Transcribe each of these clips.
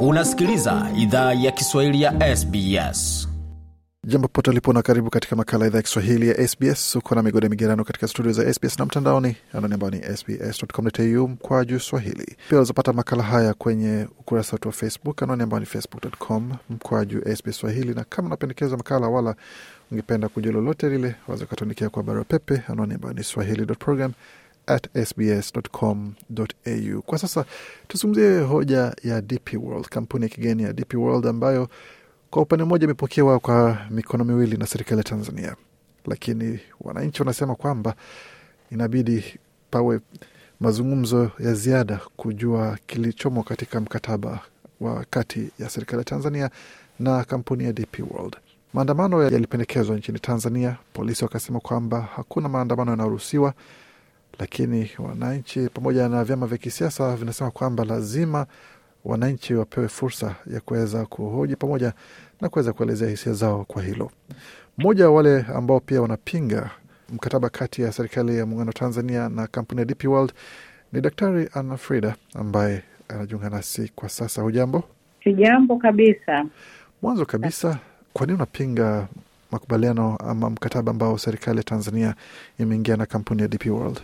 Unasikiliza idhaa ya Kiswahili ya SBS. Jambo pote ulipo na karibu katika makala idhaa ya Kiswahili ya SBS. Uko na migode migerano katika studio za SBS na mtandaoni, anani ambao ni sbscu mkwa juu Swahili. Pia unazopata makala haya kwenye ukurasa wetu wa Facebook, anani ambao ni facebook.com mkwa juu SBS Swahili. Na kama unapendekeza makala wala ungependa kujua lolote lile, waweza ukatuandikia kwa barua pepe, anani ambao ni swahili.program at sbs.com.au. Kwa sasa tuzungumzie hoja ya DP World, kampuni ya kigeni ya DP World ambayo kwa upande mmoja imepokewa kwa mikono miwili na serikali ya Tanzania, lakini wananchi wanasema kwamba inabidi pawe mazungumzo ya ziada kujua kilichomo katika mkataba wa kati ya serikali ya Tanzania na kampuni ya DP World. Maandamano yalipendekezwa nchini Tanzania, polisi wakasema kwamba hakuna maandamano yanayoruhusiwa lakini wananchi pamoja na vyama vya kisiasa vinasema kwamba lazima wananchi wapewe fursa ya kuweza kuhoji pamoja na kuweza kuelezea hisia zao kwa hilo. Mmoja wa wale ambao pia wanapinga mkataba kati ya serikali ya muungano wa Tanzania na kampuni ya DP World ni Daktari Anna Frida ambaye anajiunga nasi kwa sasa. Hujambo? Sijambo kabisa. Mwanzo kabisa, kwa nini unapinga makubaliano ama mkataba ambao serikali ya Tanzania imeingia na kampuni ya DP World?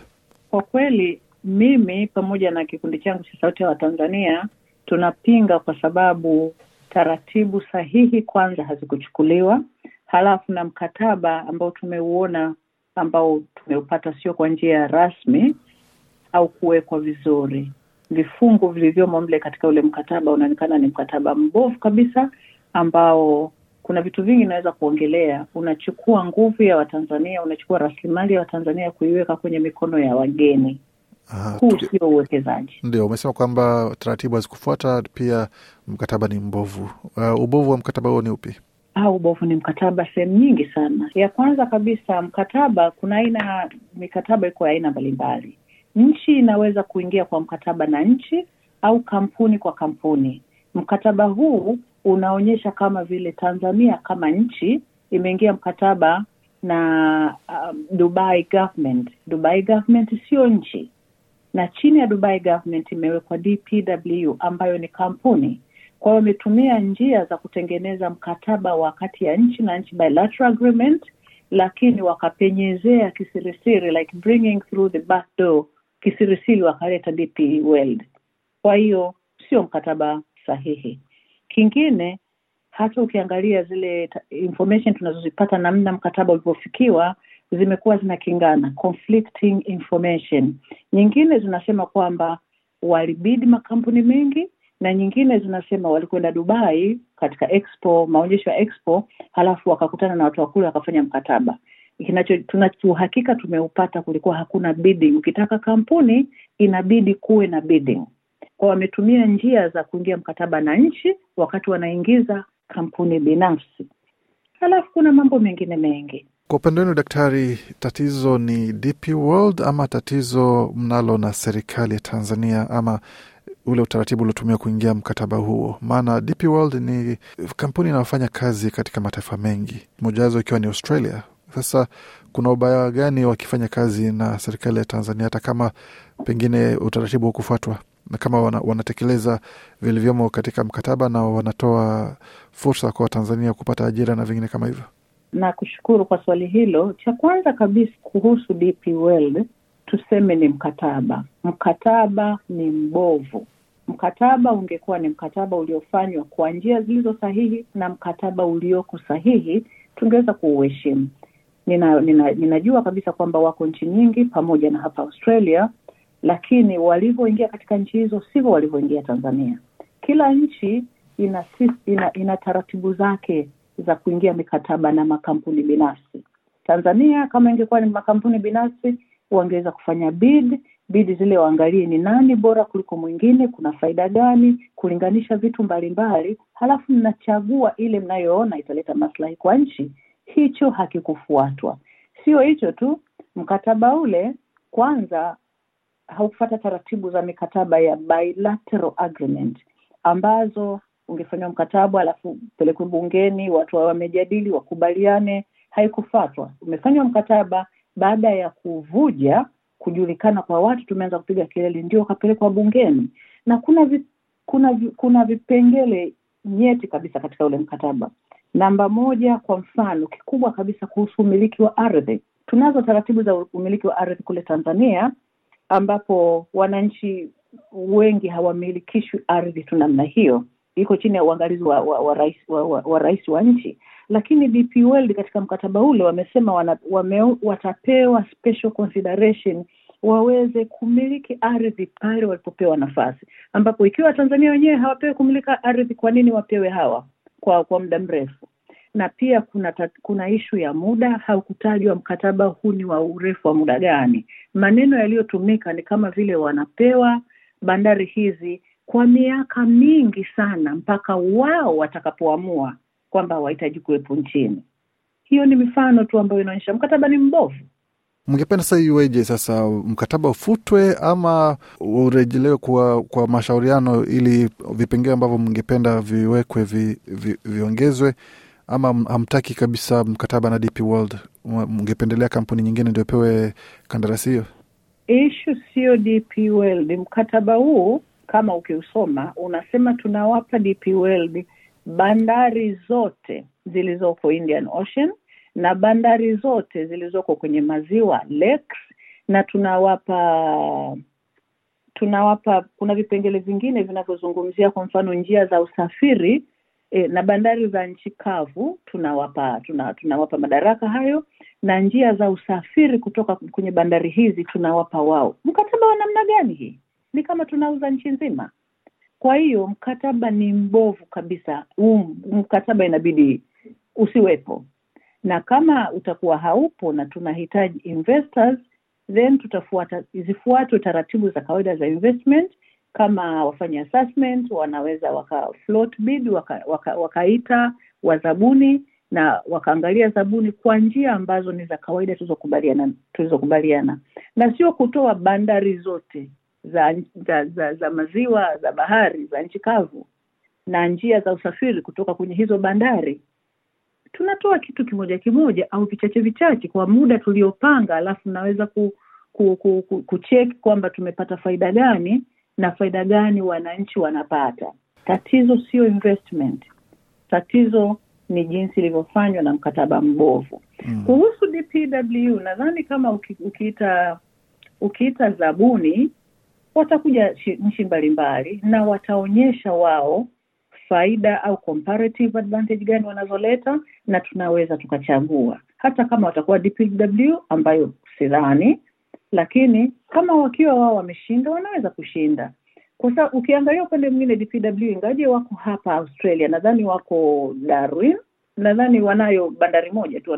kwa kweli mimi pamoja na kikundi changu cha Sauti ya Watanzania tunapinga kwa sababu taratibu sahihi kwanza hazikuchukuliwa, halafu na mkataba ambao tumeuona ambao tumeupata sio kwa njia rasmi au kuwekwa vizuri. Vifungu vilivyomo mle katika ule mkataba unaonekana ni mkataba mbovu kabisa ambao kuna vitu vingi inaweza kuongelea. Unachukua nguvu ya Watanzania, unachukua rasilimali ya Watanzania kuiweka kwenye mikono ya wageni. Huu sio uwekezaji. Ndio umesema kwamba taratibu hazikufuata, pia mkataba ni mbovu. Uh, ubovu wa mkataba huo ni upi? Ah, ubovu ni mkataba sehemu nyingi sana. Ya kwanza kabisa, mkataba kuna aina mikataba iko aina mbalimbali. Nchi inaweza kuingia kwa mkataba na nchi au kampuni kwa kampuni. Mkataba huu unaonyesha kama vile Tanzania kama nchi imeingia mkataba na um, Dubai government. Dubai government sio nchi, na chini ya Dubai government imewekwa DPW ambayo ni kampuni. Kwa hiyo wametumia njia za kutengeneza mkataba wa kati ya nchi na nchi, bilateral agreement, lakini wakapenyezea kisirisiri, like bringing through the back door, kisirisiri wakaleta DP World. Kwa hiyo sio mkataba sahihi. Kingine hata ukiangalia zile information tunazozipata, namna mkataba ulivyofikiwa, zimekuwa zinakingana, conflicting information. Nyingine zinasema kwamba walibidi makampuni mengi na nyingine zinasema walikwenda Dubai katika expo, maonyesho ya expo, halafu wakakutana na watu wakule wakafanya mkataba. Kinacho tunauhakika tumeupata, kulikuwa hakuna bidding. Ukitaka kampuni inabidi kuwe na bidding kwa wametumia njia za kuingia mkataba na nchi wakati wanaingiza kampuni binafsi. Halafu kuna mambo mengine mengi. Kwa upande wenu daktari, tatizo ni DP World ama tatizo mnalo na serikali ya Tanzania ama ule utaratibu uliotumia kuingia mkataba huo? Maana DP World ni kampuni inayofanya kazi katika mataifa mengi, mojawazo ikiwa ni Australia. Sasa kuna ubaya gani wakifanya kazi na serikali ya Tanzania, hata kama pengine utaratibu hukufuatwa? na kama wana, wanatekeleza vilivyomo katika mkataba na wanatoa fursa kwa Watanzania kupata ajira na vingine kama hivyo? Na kushukuru kwa swali hilo. Cha kwanza kabisa kuhusu DP World, tuseme ni mkataba. Mkataba ni mbovu. Mkataba ungekuwa ni mkataba uliofanywa kwa njia zilizo sahihi na mkataba ulioko sahihi, tungeweza kuuheshimu. Nina, nina, ninajua kabisa kwamba wako nchi nyingi pamoja na hapa Australia lakini walivyoingia katika nchi hizo sivyo walivyoingia Tanzania. Kila nchi ina, ina, ina taratibu zake za kuingia mikataba na makampuni binafsi. Tanzania kama ingekuwa ni makampuni binafsi wangeweza kufanya bid bid zile waangalie ni nani bora kuliko mwingine, kuna faida gani, kulinganisha vitu mbalimbali, halafu mnachagua ile mnayoona italeta maslahi kwa nchi. Hicho hakikufuatwa. Sio hicho tu, mkataba ule kwanza haukufuata taratibu za mikataba ya bilateral agreement ambazo ungefanyiwa mkataba alafu upelekwe bungeni, watu wamejadili, wakubaliane. Haikufatwa. Umefanywa mkataba, baada ya kuvuja kujulikana kwa watu, tumeanza kupiga kelele, ndio ukapelekwa bungeni. Na kuna vi, kuna vi, kuna vipengele nyeti kabisa katika ule mkataba. Namba moja, kwa mfano, kikubwa kabisa kuhusu umiliki wa ardhi. Tunazo taratibu za umiliki wa ardhi kule Tanzania ambapo wananchi wengi hawamilikishwi ardhi tu namna hiyo, iko chini ya uangalizi wa, wa, wa rais wa, wa, wa, wa nchi. Lakini DP World katika mkataba ule wamesema wana, wame, watapewa special consideration waweze kumiliki ardhi pale walipopewa nafasi, ambapo ikiwa Tanzania wenyewe hawapewi kumilika ardhi, kwa nini wapewe hawa kwa kwa muda mrefu? Na pia kuna kuna ishu ya muda, haukutajwa mkataba huu ni wa urefu wa muda gani, Maneno yaliyotumika ni kama vile wanapewa bandari hizi kwa miaka mingi sana, mpaka wao watakapoamua kwamba hawahitaji kuwepo nchini. Hiyo ni mifano tu ambayo inaonyesha mkataba ni mbovu. Mngependa sasa iweje? Sasa mkataba ufutwe ama urejelewe kwa, kwa mashauriano, ili vipengee ambavyo mngependa viwekwe vi, vi, viongezwe ama hamtaki kabisa mkataba na DP World? Mngependelea kampuni nyingine ndio pewe kandarasi hiyo? Ishu sio DP World. Mkataba huu kama ukiusoma unasema tunawapa DP World bandari zote zilizoko Indian Ocean na bandari zote zilizoko kwenye maziwa lakes, na tunawapa tunawapa, kuna vipengele vingine vinavyozungumzia kwa mfano njia za usafiri e, na bandari za nchi kavu tunawapa tuna, tunawapa madaraka hayo na njia za usafiri kutoka kwenye bandari hizi tunawapa wao. Mkataba wa namna gani hii? Ni kama tunauza nchi nzima. Kwa hiyo mkataba ni mbovu kabisa. Um, mkataba inabidi usiwepo, na kama utakuwa haupo na tunahitaji investors, then tutafuata zifuatwe taratibu za kawaida za investment kama wafanya assessment, wanaweza waka float bid wakaita waka, waka wazabuni na wakaangalia zabuni kwa njia ambazo ni za kawaida tulizokubaliana tulizokubaliana, na sio kutoa bandari zote za, za, za, za maziwa za bahari za nchi kavu na njia za usafiri kutoka kwenye hizo bandari. Tunatoa kitu kimoja kimoja au vichache vichache kwa muda tuliopanga, alafu naweza ku, ku, ku, ku, kucheki kwamba tumepata faida gani na faida gani wananchi wanapata. Tatizo sio investment, tatizo ni jinsi ilivyofanywa na mkataba mbovu. Mm. Kuhusu DPW nadhani kama uki, ukiita ukiita zabuni watakuja nchi mbalimbali na wataonyesha wao faida au comparative advantage gani wanazoleta, na tunaweza tukachagua hata kama watakuwa DPW ambayo sidhani, lakini kama wakiwa wao wameshinda wanaweza kushinda kwa sababu ukiangalia upande mwingine DPW ingaje wako hapa Australia, nadhani wako Darwin, nadhani wanayo bandari moja tu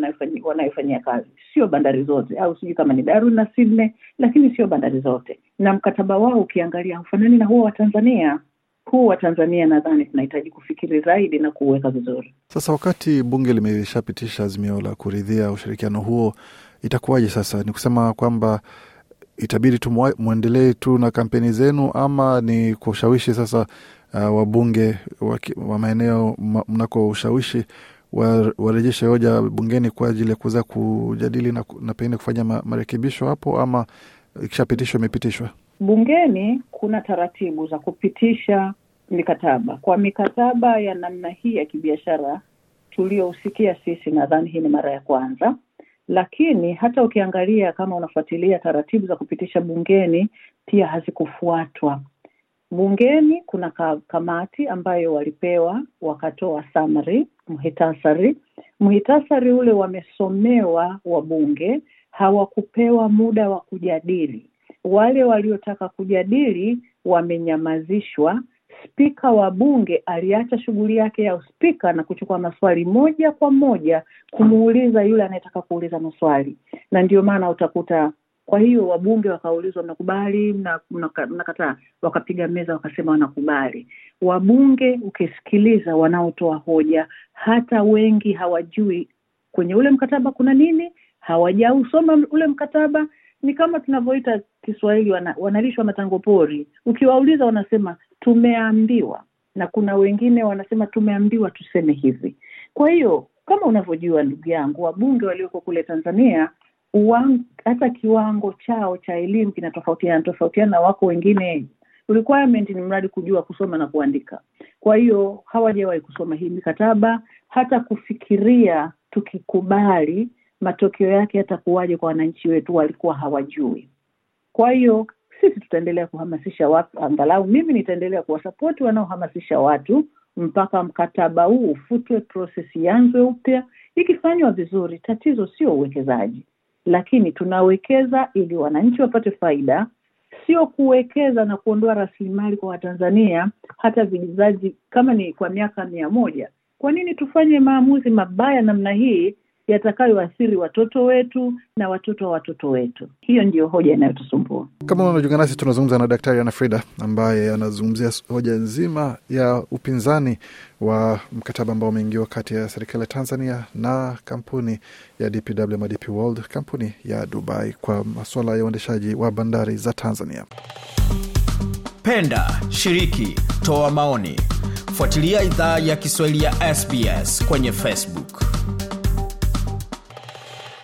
wanayofanyia kazi, sio bandari zote, au sijui kama ni Darwin na Sydney, lakini sio bandari zote. Na mkataba wao ukiangalia haufanani na huo wa Tanzania. Huu wa Tanzania nadhani tunahitaji kufikiri zaidi na kuuweka vizuri. Sasa wakati bunge limeshapitisha azimio la kuridhia ushirikiano huo itakuwaje sasa? Ni kusema kwamba itabidi tu mwendelee tu na kampeni zenu, ama ni kushawishi sasa uh, wabunge wa, wa maeneo mnako ushawishi warejeshe hoja bungeni kwa ajili ya kuweza kujadili na, na pengine kufanya ma, marekebisho hapo, ama ikishapitishwa imepitishwa bungeni. Kuna taratibu za kupitisha mikataba. Kwa mikataba ya namna hii ya kibiashara tuliyohusikia sisi, nadhani hii ni mara ya kwanza lakini hata ukiangalia kama unafuatilia taratibu za kupitisha bungeni pia hazikufuatwa. Bungeni kuna kamati ambayo walipewa, wakatoa samri mhitasari. Mhitasari ule wamesomewa wabunge, hawakupewa muda wa kujadili. Wale waliotaka kujadili wamenyamazishwa spika wa bunge aliacha shughuli yake ya uspika na kuchukua maswali moja kwa moja kumuuliza yule anayetaka kuuliza maswali, na ndio maana utakuta kwa hiyo wabunge wakaulizwa mnakubali, mnakataa, wakapiga meza wakasema wanakubali. Wabunge ukisikiliza wanaotoa hoja, hata wengi hawajui kwenye ule mkataba kuna nini, hawajausoma ule mkataba. Ni kama tunavyoita Kiswahili, wana, wanalishwa matango pori. Ukiwauliza wanasema tumeambiwa, na kuna wengine wanasema tumeambiwa tuseme hivi. Kwa hiyo kama unavyojua ndugu yangu, wabunge walioko kule Tanzania hata kiwango chao cha elimu kinatofautiana tofautiana. Wako wengine requirement ni mradi kujua kusoma na kuandika, kwa hiyo hawajawahi kusoma hii mikataba, hata kufikiria tukikubali matokeo yake yatakuwaje kwa wananchi wetu, walikuwa hawajui. Kwa hiyo sisi tutaendelea kuhamasisha watu, angalau mimi nitaendelea kuwasapoti wanaohamasisha watu mpaka mkataba huu ufutwe, proses ianzwe upya. Ikifanywa vizuri, tatizo sio uwekezaji, lakini tunawekeza ili wananchi wapate faida, sio kuwekeza na kuondoa rasilimali kwa Watanzania hata vigizaji kama ni kwa miaka mia moja. Kwa nini tufanye maamuzi mabaya namna hii yatakayoathiri watoto wetu na watoto wa watoto wetu. Hiyo ndiyo hoja inayotusumbua. Kama unajunga nasi, tunazungumza na Daktari Ana Frida ambaye anazungumzia hoja nzima ya upinzani wa mkataba ambao umeingiwa kati ya serikali ya Tanzania na kampuni ya DPW ama DP World, kampuni ya Dubai kwa masuala ya uendeshaji wa bandari za Tanzania. Penda, shiriki, toa maoni, fuatilia idhaa ya Kiswahili ya SBS kwenye Facebook.